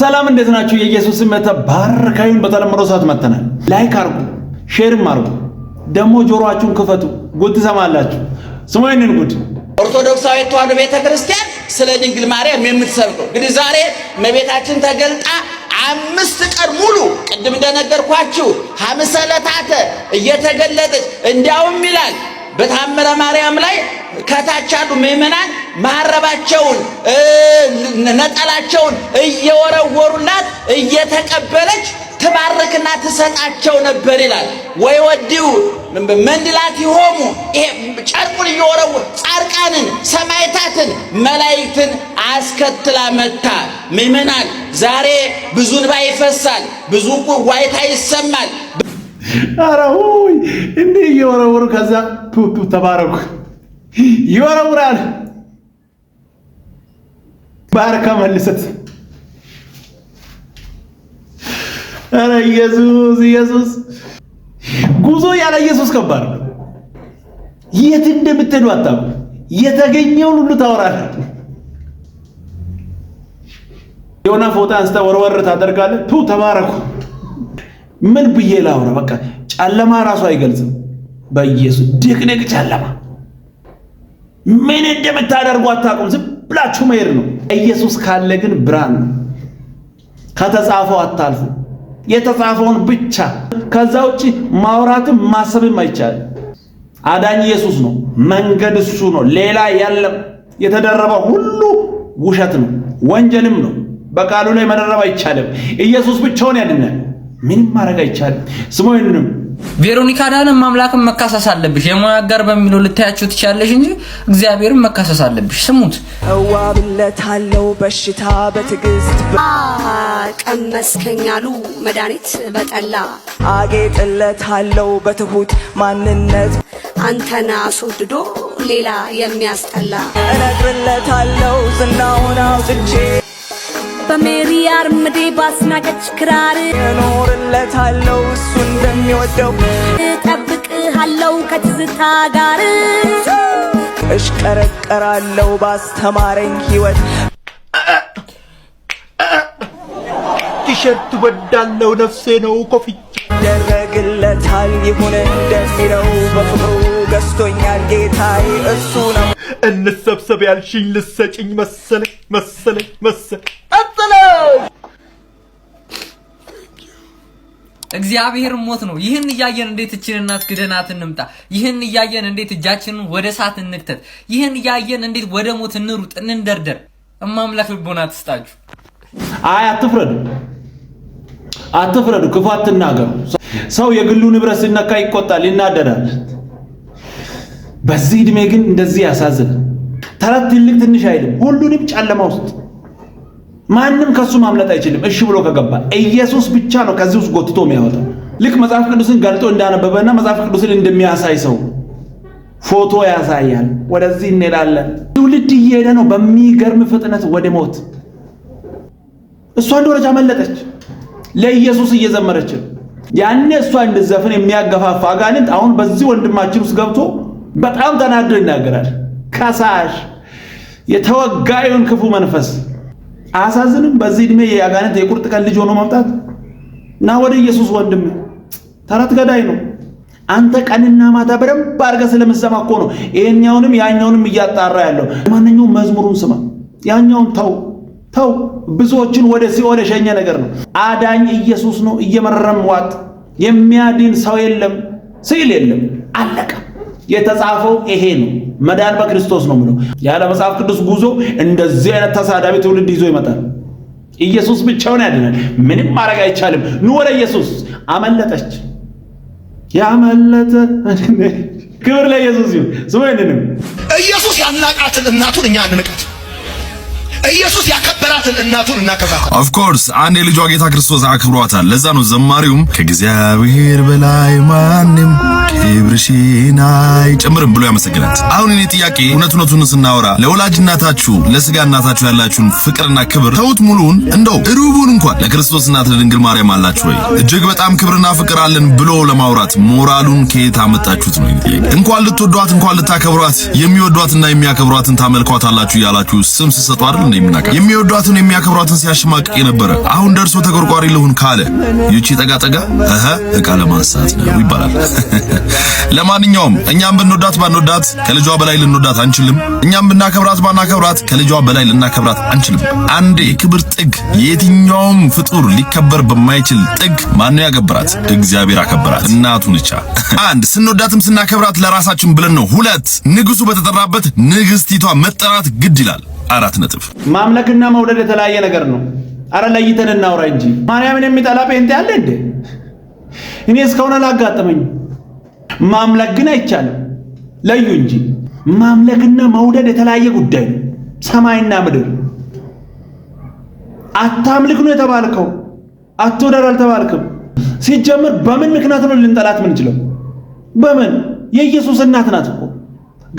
ሰላም እንዴት ናችሁ? የኢየሱስ መተ ባርካዩን በተለመደው ሰዓት መተናል። ላይክ አርጉ፣ ሼርም አርጉ፣ ደግሞ ጆሮአችሁን ክፈቱ። ጉድ ትሰማላችሁ። ስሙ ይህንን ጉድ። ኦርቶዶክሳዊ ተዋዶ ቤተክርስቲያን ስለ ድንግል ማርያም የምትሰብከው እንግዲህ ዛሬ መቤታችን ተገልጣ አምስት ቀን ሙሉ ቅድም እንደነገርኳችሁ ሐምሰ ዕለታተ እየተገለጠች እንዲያውም ይላል በታምረ ማርያም ላይ ከታች አሉ ምእመናን ማረባቸውን ነጠላቸውን እየወረወሩላት እየተቀበለች ትባርክና ትሰጣቸው ነበር ይላል። ወይ ወዲው መንድላት ይሆሙ ይሄ ጨርቁን እየወረው ጻርቃንን፣ ሰማይታትን፣ መላይክትን አስከትላ መታ። ምእመናን ዛሬ ብዙ እንባ ይፈሳል፣ ብዙ ዋይታ ይሰማል። አረ ሆይ እንዲህ እየወረወሩ ከዛ ተባረኩ ይወረውራል። ባርካ መልሰት። አረ ኢየሱስ ኢየሱስ! ጉዞ ያለ ኢየሱስ ከባድ ነው። የት እንደምትሄዱ አታውቁ። የተገኘውን ሁሉ ታወራለህ። የሆነ ፎጣ አንስተ ወርወር ታደርጋለ። ቱ ተባረኩ። ምን ብዬ ላውራ? በቃ ጨለማ ራሱ አይገልጽም። በኢየሱስ ድቅድቅ ጨለማ ምን እንደምታደርጉ አታውቁም። ዝም ብላችሁ መሄድ ነው። ኢየሱስ ካለ ግን ብርሃን ነው። ከተጻፈው አታልፉ። የተጻፈውን ብቻ ከዛ ውጪ ማውራትም ማሰብም አይቻልም። አዳኝ ኢየሱስ ነው። መንገድ እሱ ነው። ሌላ ያለም የተደረበ ሁሉ ውሸት ነው፣ ወንጀልም ነው። በቃሉ ላይ መደረብ አይቻልም። ኢየሱስ ብቻውን ያድነ፣ ምንም ማድረግ አይቻልም። ስሙ ቬሮኒካ አዳነም አምላክን መካሰስ አለብሽ። የሙያ ጋር በሚለው ልታያቸው ትችያለሽ እንጂ እግዚአብሔርን መካሰስ አለብሽ። ስሙት አለው በሽታ በትዕግስት ቀመስከኛሉ መድኃኒት በጠላ አለው በትሁት ማንነት አንተን አስወድዶ ሌላ የሚያስጠላ አለው ዝናውን አውጥቼ በሜሪ አርምዴ ባስናቀች ክራር እኖርለታለሁ እሱ እንደሚወደው እጠብቅሃለሁ ከትዝታ ጋር እሽቀረቀራለሁ ባስተማረኝ ህይወት ቲሸርት ወዳለው ነፍሴ ነው ኮፍያ ይደረግለታል ይሁን እንደሚለው በፍቅሩ ገዝቶኛል ጌታዬ እሱ ነው። እንሰብሰብ ያልሽኝ ልሰጭኝ መሰለኝ መሰለኝ መሰለኝ እግዚአብሔር ሞት ነው። ይህን እያየን እንዴት እችን እናት ክደናት እንምጣ? ይህን እያየን እንዴት እጃችንን ወደ እሳት እንክተት? ይህን እያየን እንዴት ወደ ሞት እንሩጥ እንንደርደር? እማምላክ ልቦና ትስጣችሁ። አይ አትፍረዱ፣ አትፍረዱ፣ ክፉ አትናገሩ። ሰው የግሉ ንብረት ሲነካ ይቆጣል፣ ይናደዳል። በዚህ እድሜ ግን እንደዚህ ያሳዝን ተረት ትልቅ ትንሽ አይልም፣ ሁሉንም ጨለማ ውስጥ ማንም ከሱ ማምለጥ አይችልም። እሺ ብሎ ከገባ ኢየሱስ ብቻ ነው ከዚህ ውስጥ ጎትቶ የሚያወጣው። ልክ መጽሐፍ ቅዱስን ገልጦ እንዳነበበና መጽሐፍ ቅዱስን እንደሚያሳይ ሰው ፎቶ ያሳያል። ወደዚህ እንሄዳለን። ትውልድ እየሄደ ነው በሚገርም ፍጥነት ወደ ሞት። እሷ አንድ ወረጃ መለጠች፣ ለኢየሱስ እየዘመረች ያኔ እሷ እንድዘፍን የሚያገፋፋ አጋንንት አሁን በዚህ ወንድማችን ውስጥ ገብቶ በጣም ተናዶ ይናገራል። ከሳሽ የተወጋዩን ክፉ መንፈስ አያሳዝንም? በዚህ እድሜ የአጋንንት የቁርጥ ቀን ልጅ ሆኖ መምጣት እና ወደ ኢየሱስ ወንድም ተረት ገዳይ ነው። አንተ ቀንና ማታ በደንብ አድርገህ ስለምትሰማ እኮ ነው ይሄኛውንም ያኛውንም እያጣራ ያለው። ማንኛውም መዝሙሩን ስማ፣ ያኛውን ተው ተው። ብዙዎችን ወደ ሲኦል የሸኘ ነገር ነው። አዳኝ ኢየሱስ ነው። እየመረም ዋጥ የሚያድን ሰው የለም፣ ሲል የለም፣ አለቀ። የተጻፈው ይሄ ነው። መዳን በክርስቶስ ነው ምለው ያለ መጽሐፍ ቅዱስ ጉዞ እንደዚህ አይነት ተሳዳቢ ትውልድ ይዞ ይመጣል። ኢየሱስ ብቻውን ያድናል። ምንም ማድረግ አይቻልም። ኑ ወደ ኢየሱስ። አመለጠች ያመለጠ ክብር ለኢየሱስ ይሁን። ስሙ ስሙኝንም ኢየሱስ ያናቃትን እናቱን እኛ እንንቃት። ኢየሱስ ያከበራትን እናቱን እናከብራት። ኦፍ ኮርስ አንድ የልጇ ጌታ ክርስቶስ አክብሯታል። ለዛ ነው ዘማሪውም ከእግዚአብሔር በላይ ማንም ዲብርሺናይ ጨምርም ብሎ ያመሰግናት። አሁን እኔ ጥያቄ እውነት እውነቱን ስናወራ ለወላጅ እናታችሁ ለስጋ እናታችሁ ያላችሁን ፍቅርና ክብር ተውት፣ ሙሉውን እንደው ሩቡን እንኳን ለክርስቶስ እናት ለድንግል ማርያም አላችሁ ወይ? እጅግ በጣም ክብርና ፍቅር አለን ብሎ ለማውራት ሞራሉን ከየት አመጣችሁት ነው? እንኳን ልትወዷት እንኳን ልታከብሯት የሚወዷትና የሚያከብሯትን ታመልኳት አላችሁ እያላችሁ ስም ስሰጡ አይደል እንደምናቀር የሚወዷትን የሚያከብሯትን ሲያሸማቅቅ የነበረ አሁን ደርሶ ተቆርቋሪ ልሁን ካለ ይቺ ጠጋ ጠጋ እህ እቃ ለማንሳት ነው ይባላል። ለማንኛውም እኛም ብንወዳት ባንወዳት ከልጇ በላይ ልንወዳት አንችልም። እኛም ብናከብራት ባናከብራት ከልጇ በላይ ልናከብራት አንችልም። አንዴ የክብር ጥግ የትኛውም ፍጡር ሊከበር በማይችል ጥግ ማነው ያከብራት? እግዚአብሔር አከብራት እናቱ ብቻ አንድ ስንወዳትም ስናከብራት ለራሳችን ብለን ነው። ሁለት ንጉሱ በተጠራበት ንግስቲቷ መጠራት ግድ ይላል። አራት ነጥብ። ማምለክና መውደድ የተለያየ ነገር ነው። አረ ለይተን እናውራ እንጂ ማርያምን የሚጠላ ጴንጤ አለ እንዴ? እኔ እስከሆነ አላጋጠመኝም። ማምለክ ግን አይቻልም። ለዩ እንጂ ማምለክና መውደድ የተለያየ ጉዳይ ነው። ሰማይና ምድር አታምልክ ነው የተባልከው፣ አትውደድ አልተባልክም። ሲጀምር በምን ምክንያት ነው ልንጠላት ምንችለው? በምን የኢየሱስ እናት ናት እኮ።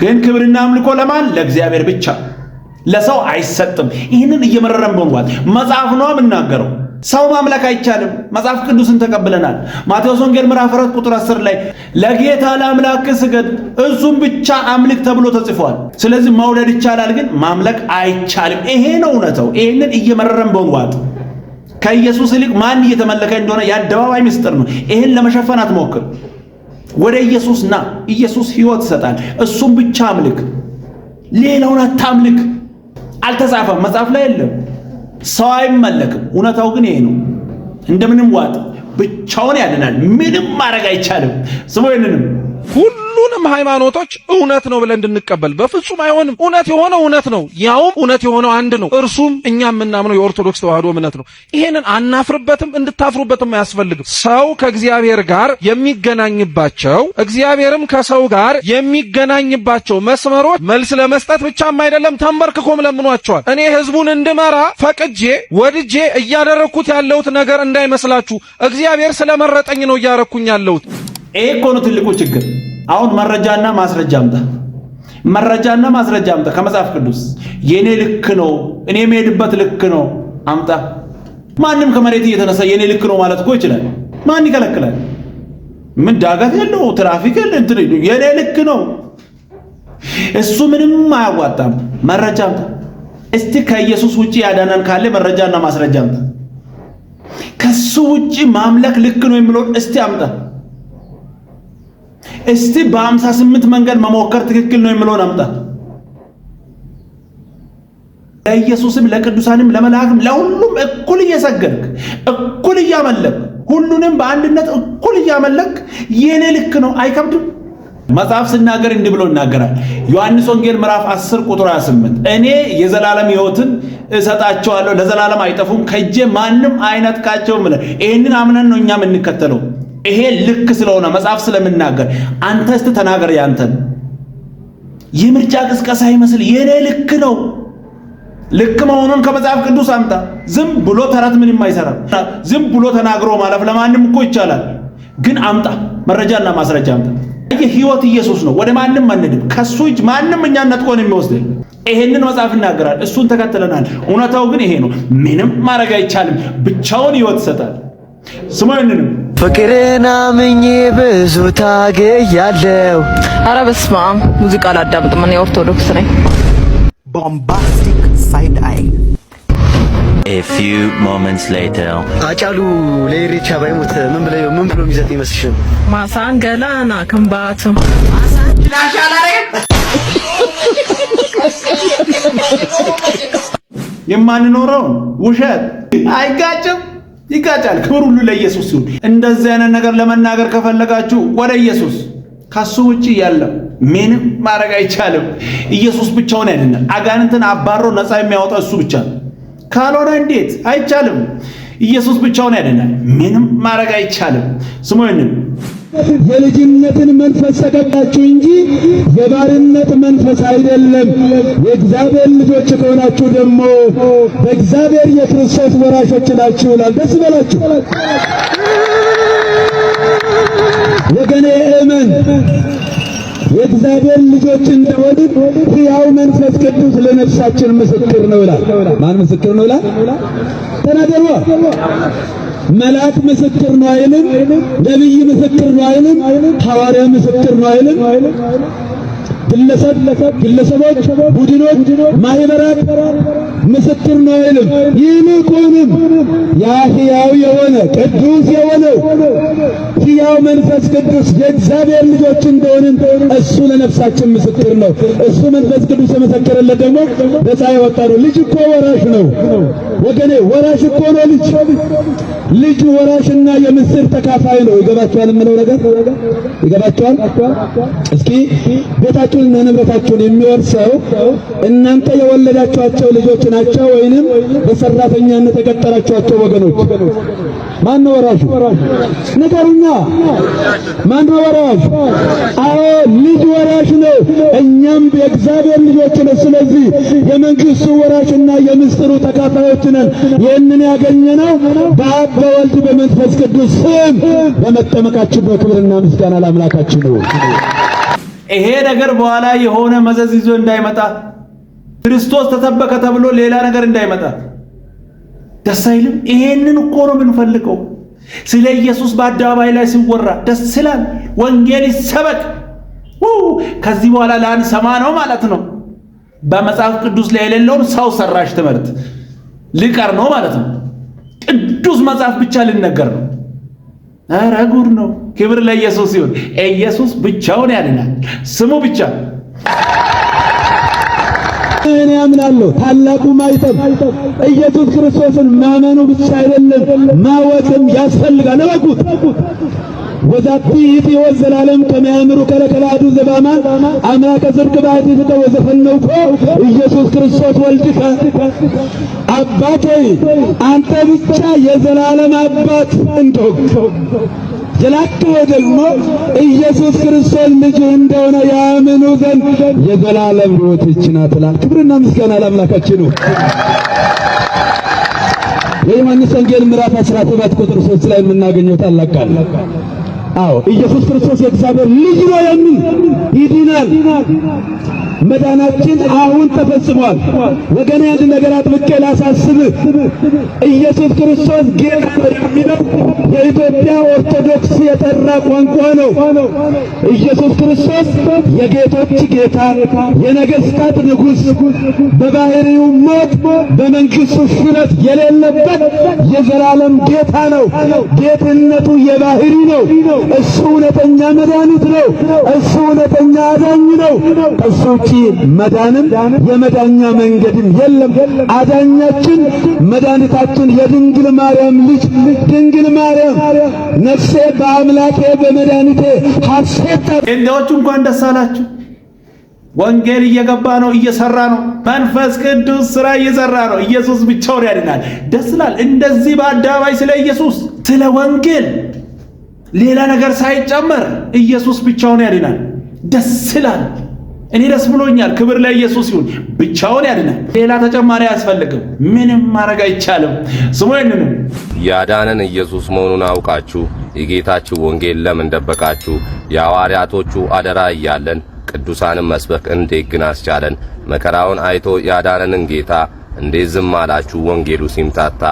ግን ክብርና አምልኮ ለማን? ለእግዚአብሔር ብቻ፣ ለሰው አይሰጥም። ይህንን እየመረረን በንጓት መጽሐፍ ነው የምናገረው። ሰው ማምለክ አይቻልም። መጽሐፍ ቅዱስን ተቀብለናል። ማቴዎስ ወንጌል ምዕራፍ 4 ቁጥር 10 ላይ ለጌታ ለአምላክ ስገድ እሱም ብቻ አምልክ ተብሎ ተጽፏል። ስለዚህ መውደድ ይቻላል፣ ግን ማምለክ አይቻልም። ይሄ ነው እውነታው። ይሄንን እየመረረን በንዋጥ ከኢየሱስ ይልቅ ማን እየተመለከ እንደሆነ የአደባባይ ምስጢር ነው። ይሄን ለመሸፈን አትሞክር። ወደ ኢየሱስ ና። ኢየሱስ ሕይወት ይሰጣል። እሱም ብቻ አምልክ፣ ሌላውን አታምልክ። አልተጻፈም፣ መጽሐፍ ላይ የለም። ሰው አይመለክም። እውነታው ግን ይሄ ነው። እንደምንም ዋጥ ብቻውን ያድናል። ምንም ማድረግ አይቻልም። ስሙ ይንንም ሁሉም ሃይማኖቶች እውነት ነው ብለን እንድንቀበል በፍጹም አይሆንም። እውነት የሆነው እውነት ነው፣ ያውም እውነት የሆነው አንድ ነው። እርሱም እኛ የምናምነው የኦርቶዶክስ ተዋህዶ እምነት ነው። ይሄንን አናፍርበትም፣ እንድታፍሩበትም አያስፈልግም። ሰው ከእግዚአብሔር ጋር የሚገናኝባቸው እግዚአብሔርም ከሰው ጋር የሚገናኝባቸው መስመሮች መልስ ለመስጠት ብቻም አይደለም፣ ተንበርክኮም ለምኗቸዋል። እኔ ህዝቡን እንድመራ ፈቅጄ ወድጄ እያደረግኩት ያለሁት ነገር እንዳይመስላችሁ እግዚአብሔር ስለመረጠኝ ነው እያረግኩኝ ያለሁት። ይሄ እኮ ነው ትልቁ ችግር። አሁን መረጃና ማስረጃ አምጣ፣ መረጃና ማስረጃ አምጣ ከመጽሐፍ ቅዱስ የኔ ልክ ነው እኔ የምሄድበት ልክ ነው አምጣ። ማንም ከመሬት እየተነሳ የኔ ልክ ነው ማለት እኮ ይችላል። ማን ይከለክላል? ምን ዳገት የለው ትራፊክ የለ እንትን የኔ ልክ ነው። እሱ ምንም አያዋጣም። መረጃ አምጣ እስቲ። ከኢየሱስ ውጪ ያዳነን ካለ መረጃና ማስረጃ አምጣ። ከሱ ውጪ ማምለክ ልክ ነው የሚለውን እስቲ አምጣ። እስቲ በአምሳ ስምንት መንገድ መሞከር ትክክል ነው የምለውን አምጣት። ለኢየሱስም ለቅዱሳንም ለመላእክም ለሁሉም እኩል እየሰገድክ እኩል እያመለክ ሁሉንም በአንድነት እኩል እያመለክ የኔ ልክ ነው አይከብድም። መጽሐፍ ስናገር እንዲህ ብሎ ይናገራል። ዮሐንስ ወንጌል ምዕራፍ 10 ቁጥር 28 እኔ የዘላለም ሕይወትን እሰጣቸዋለሁ፣ ለዘላለም አይጠፉም፣ ከእጄ ማንም አይነጥቃቸውም። ይህንን አምነን ነው እኛ የምንከተለው። ይሄ ልክ ስለሆነ መጽሐፍ ስለምናገር አንተ እስቲ ተናገር። ያንተን የምርጫ ቅስቀሳ ይመስል የኔ ልክ ነው። ልክ መሆኑን ከመጽሐፍ ቅዱስ አምጣ። ዝም ብሎ ተረት ምንም አይሰራም። ዝም ብሎ ተናግሮ ማለፍ ለማንም እኮ ይቻላል፣ ግን አምጣ፣ መረጃና ማስረጃ አምጣ። ህይወት ኢየሱስ ነው። ወደ ማንም አንድም ከሱ እጅ ማንም እኛን ነጥቆ ነው የሚወስድ። ይሄንን መጽሐፍ ይናገራል፣ እሱን ተከትለናል። እውነታው ግን ይሄ ነው። ምንም ማድረግ አይቻልም። ብቻውን ህይወት ይሰጣል። ስሙ ይህንንም ፍቅርን አምኜ ብዙ ታገያለው። አረ በስመ አብ ሙዚቃ አላዳምጥም እኔ ኦርቶዶክስ ነኝ። ቦምባስቲክ ሳይድ አይ A few moments later አጫሉ ለኢሬቻ ባይሞት ምን ብለው ምን ብሎ የሚዘጥ ይመስልሽ? ማሳን ገላና የማንኖረውን ውሸት አይጋጭም ይጋጫል። ክብር ሁሉ ለኢየሱስ ይሁን። እንደዚህ አይነት ነገር ለመናገር ከፈለጋችሁ ወደ ኢየሱስ፣ ከሱ ውጭ ያለው ምንም ማድረግ አይቻልም። ኢየሱስ ብቻውን ያድናል። አጋንንትን አባሮ ነፃ የሚያወጣ እሱ ብቻ ነው። ካልሆነ እንዴት አይቻልም። ኢየሱስ ብቻውን ያድናል። ምንም ማድረግ አይቻልም። ስሙኝንም የልጅነትን መንፈስ ተቀባችሁ እንጂ የባርነት መንፈስ አይደለም። የእግዚአብሔር ልጆች ከሆናችሁ ደግሞ በእግዚአብሔር የክርስቶስ ወራሾች ናችሁ ይላል። ደስ ይበላችሁ ወገኔ እመን። የእግዚአብሔር ልጆች እንደሆንን ሕያው መንፈስ ቅዱስ ለነፍሳችን ምስክር ነው ይላል። ማን ምስክር ነው ይላል? ተናገሩ መልአክ ምስክር ነው አይልም። ነብይ ምስክር ነው አይልም። ሐዋርያ ምስክር ነው አይልም። ግለሰብ ግለሰቦች፣ ቡድኖች፣ ማህበራት ምስክር ነው አይልም። ይልቁንም ያ ሕያው የሆነ ቅዱስ የሆነው ሕያው መንፈስ ቅዱስ የእግዚአብሔር ልጆች እንደሆንን እሱ ለነፍሳችን ምስክር ነው። እሱ መንፈስ ቅዱስ የመሰከረለት ደግሞ በፀሐይ ወጣ ነው። ልጅ እኮ ወራሽ ነው ወገኔ ወራሽ እኮ ነው ልጅ ልጅ ወራሽና የምስር ተካፋይ ነው። ይገባችኋል? የምለው ነገር ይገባችኋል? እስኪ ቤታችሁንና ንብረታችሁን የሚወርሰው እናንተ የወለዳችኋቸው ልጆች ናቸው ወይንም በሰራተኛነት የቀጠራችኋቸው ወገኖች ማን ነው ወራሹ? ንገሩኛ። ማን ነው ወራሹ? አዎ ልጅ ወራሽ ነው። እኛም የእግዚአብሔር ልጆች ነን። ስለዚህ የመንግስቱ ወራሽና የምስጢሩ ተካፋዮች ነን። ይህንን ያገኘነው በአብ በወልድ በመንፈስ ቅዱስ ስም በመጠመቃችን በክብርና ምስጋና ለአምላካችን ነው። ይሄ ነገር በኋላ የሆነ መዘዝ ይዞ እንዳይመጣ ክርስቶስ ተሰበከ ተብሎ ሌላ ነገር እንዳይመጣ ደስ አይልም? ይሄንን እኮ ነው የምንፈልገው። ስለ ኢየሱስ በአደባባይ ላይ ሲወራ ደስ ይላል። ወንጌል ይሰበክ። ከዚህ በኋላ ሰማ ነው ማለት ነው። በመጽሐፍ ቅዱስ ላይ የሌለውን ሰው ሰራሽ ትምህርት ልቀር ነው ማለት ነው። ቅዱስ መጽሐፍ ብቻ ልነገር ነው። ኧረ ጉድ ነው! ክብር ለኢየሱስ ይሁን። ኢየሱስ ብቻውን ያድናል። ስሙ ብቻ እኔ አምናለሁ። ታላቁ ማይተም ኢየሱስ ክርስቶስን ማመኑ ብቻ አይደለም ማወቅም ያስፈልጋል። እወቁት። ወዛቲ ይትወት ዘላለም ከመያምሩ ከለከላዱ ዘባማን አምላከ ጽድቅ ባሕቲ ስተ ወዘፈነውኮ ኢየሱስ ክርስቶስ ወልድከ አባቴ አንተ ብቻ የዘላለም አባት እንጦቅ የላከው ደግሞ ኢየሱስ ክርስቶስ ልጅ እንደሆነ ያምኑ ዘንድ የዘላለም ሕይወት ይህች ናት ክብርና ምስጋና ለአምላካችን ነው። የዮሐንስ ወንጌል ምዕራፍ 17 ቁጥር 3 ላይ የምናገኘው ታላቅ ቃል አዎ ኢየሱስ ክርስቶስ የእግዚአብሔር ልጅ ነው የሚል ይድናል። መዳናችን አሁን ተፈጽሟል። ወገኔ አንድ ነገር አጥብቄ ላሳስብህ፣ ኢየሱስ ክርስቶስ ጌታ ነው የሚለው የኢትዮጵያ ኦርቶዶክስ የጠራ ቋንቋ ነው። ኢየሱስ ክርስቶስ የጌቶች ጌታ፣ የነገሥታት ንጉሥ፣ በባህሪው ሞት፣ በመንግሥቱ ሽረት የሌለበት የዘላለም ጌታ ነው። ጌትነቱ የባህሪ ነው። እሱ እውነተኛ መድኃኒት ነው። እሱ እውነተኛ አዳኝ ነው። እሱ መዳንም የመዳኛ መንገድም የለም። አዳኛችን መድኃኒታችን የድንግል ማርያም ልጅ ድንግል ማርያም ነፍሴ በአምላኬ በመድኃኒቴ ሐሴት። እንደዎች እንኳን ደስ አላችሁ። ወንጌል እየገባ ነው፣ እየሰራ ነው። መንፈስ ቅዱስ ስራ እየሰራ ነው። ኢየሱስ ብቻውን ያድናል። ደስ ይላል። እንደዚህ በአደባባይ ስለ ኢየሱስ ስለ ወንጌል ሌላ ነገር ሳይጨመር ኢየሱስ ብቻውን ያድናል። ደስ ይላል። እኔ ደስ ብሎኛል። ክብር ለኢየሱስ ይሁን። ብቻውን ያድናል። ሌላ ተጨማሪ አያስፈልግም። ምንም ማድረግ አይቻልም። ስሙ ይንንም ያዳነን ኢየሱስ መሆኑን አውቃችሁ የጌታችሁ ወንጌል ለምን ደበቃችሁ? የሐዋርያቶቹ አደራ እያለን ቅዱሳንን መስበክ እንዴት ግን አስቻለን? መከራውን አይቶ ያዳነንን ጌታ እንዴት ዝም አላችሁ? ወንጌሉ ሲምታታ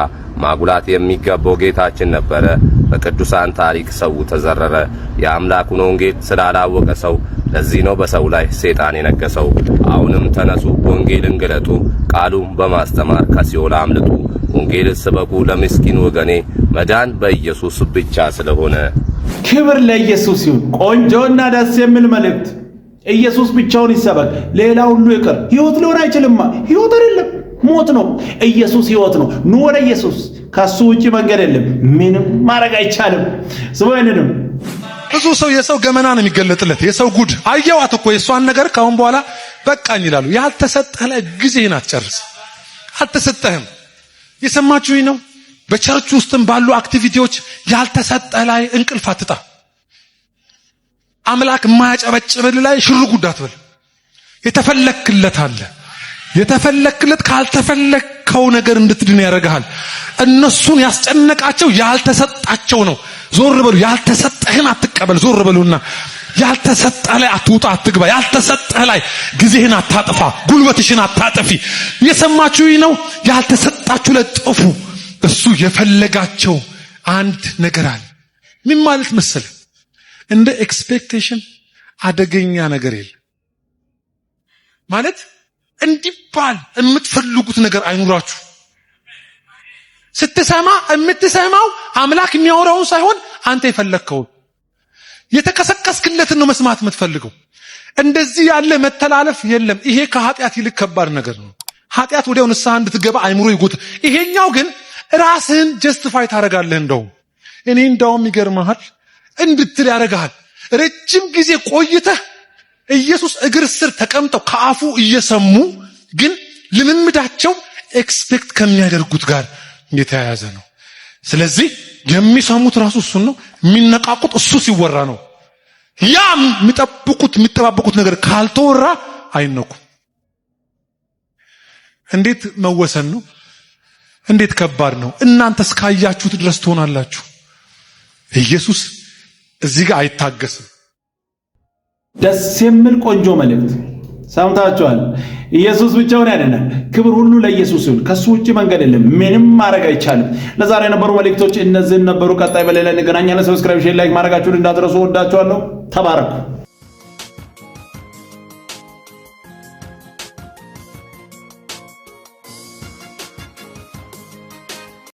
ማጉላት የሚገባው ጌታችን ነበረ። በቅዱሳን ታሪክ ሰው ተዘረረ። የአምላኩን ወንጌል ስላላወቀ ሰው ለዚህ ነው በሰው ላይ ሰይጣን የነገሰው። አሁንም ተነሱ፣ ወንጌልን ገለጡ፣ ቃሉ በማስተማር ከሲኦል አምልጡ። ወንጌል ስበኩ ለምስኪን ወገኔ፣ መዳን በኢየሱስ ብቻ ስለሆነ። ክብር ለኢየሱስ ይሁን። ቆንጆና ደስ የሚል መልእክት። ኢየሱስ ብቻውን ይሰበክ፣ ሌላ ሁሉ ይቅር። ህይወት ሊሆን አይችልማ። ህይወት አይደለም ሞት ነው። ኢየሱስ ህይወት ነው። ኑ ወደ ኢየሱስ። ከሱ ውጭ መንገድ የለም። ምንም ማድረግ አይቻልም። ስሞይንንም ብዙ ሰው የሰው ገመና ነው የሚገለጥለት። የሰው ጉድ አየዋት እኮ የእሷን ነገር ካሁን በኋላ በቃኝ ይላሉ። ያልተሰጠህ ላይ ጊዜህን አትጨርስ። አልተሰጠህም። የሰማችሁኝ ነው። በቸርች ውስጥም ባሉ አክቲቪቲዎች ያልተሰጠህ ላይ እንቅልፍ አትጣ። አምላክ የማያጨበጭብል ላይ ሽር ጉድ አትበል። የተፈለክለት አለ የተፈለክለት ካልተፈለከው ነገር እንድትድን ያደርግሃል። እነሱን ያስጨነቃቸው ያልተሰጣቸው ነው። ዞር በሉ። ያልተሰጠህን አትቀበል። ዞር በሉና ያልተሰጠህ ላይ አትውጣ፣ አትግባ። ያልተሰጠህ ላይ ጊዜህን አታጥፋ፣ ጉልበትሽን አታጥፊ። የሰማችሁ ነው። ያልተሰጣችሁ ላይ ጥፉ። እሱ የፈለጋቸው አንድ ነገር አለ። ምን ማለት መሰለ፣ እንደ ኤክስፔክቴሽን አደገኛ ነገር የለም ማለት እንዲባል የምትፈልጉት ነገር አይኑራችሁ። ስትሰማ የምትሰማው አምላክ የሚያወራውን ሳይሆን አንተ የፈለግከውን የተቀሰቀስክለትን ነው መስማት የምትፈልገው። እንደዚህ ያለ መተላለፍ የለም። ይሄ ከኃጢአት ይልቅ ከባድ ነገር ነው። ኃጢአት ወዲያው ንስሐ እንድትገባ አይምሮ ይጎት። ይሄኛው ግን ራስህን ጀስቲፋይ ታደርጋለህ። እንደውም እኔ እንደውም ይገርመሃል እንድትል ያደርግሃል። ረጅም ጊዜ ቆይተህ ኢየሱስ እግር ስር ተቀምጠው ከአፉ እየሰሙ ግን ልምምዳቸው ኤክስፔክት ከሚያደርጉት ጋር የተያያዘ ነው። ስለዚህ የሚሰሙት ራሱ እሱን ነው። የሚነቃቁት እሱ ሲወራ ነው። ያ የሚጠብቁት የሚጠባበቁት ነገር ካልተወራ አይነኩም። እንዴት መወሰን ነው! እንዴት ከባድ ነው! እናንተ እስካያችሁት ድረስ ትሆናላችሁ። ኢየሱስ እዚህ ጋር አይታገስም። ደስ የሚል ቆንጆ መልእክት ሰምታችኋል። ኢየሱስ ብቻውን ያድናል። ክብር ሁሉ ለኢየሱስ ይሁን። ከሱ ውጪ መንገድ የለም። ምንም ማድረግ አይቻልም። ለዛሬ የነበሩ መልእክቶች እነዚህን ነበሩ። ቀጣይ በሌላ እንገናኛለን። ሰብስክራይብ፣ ሼር፣ ላይክ ማድረጋችሁን እንዳትረሱ። ወዳችኋለሁ። ተባረኩ።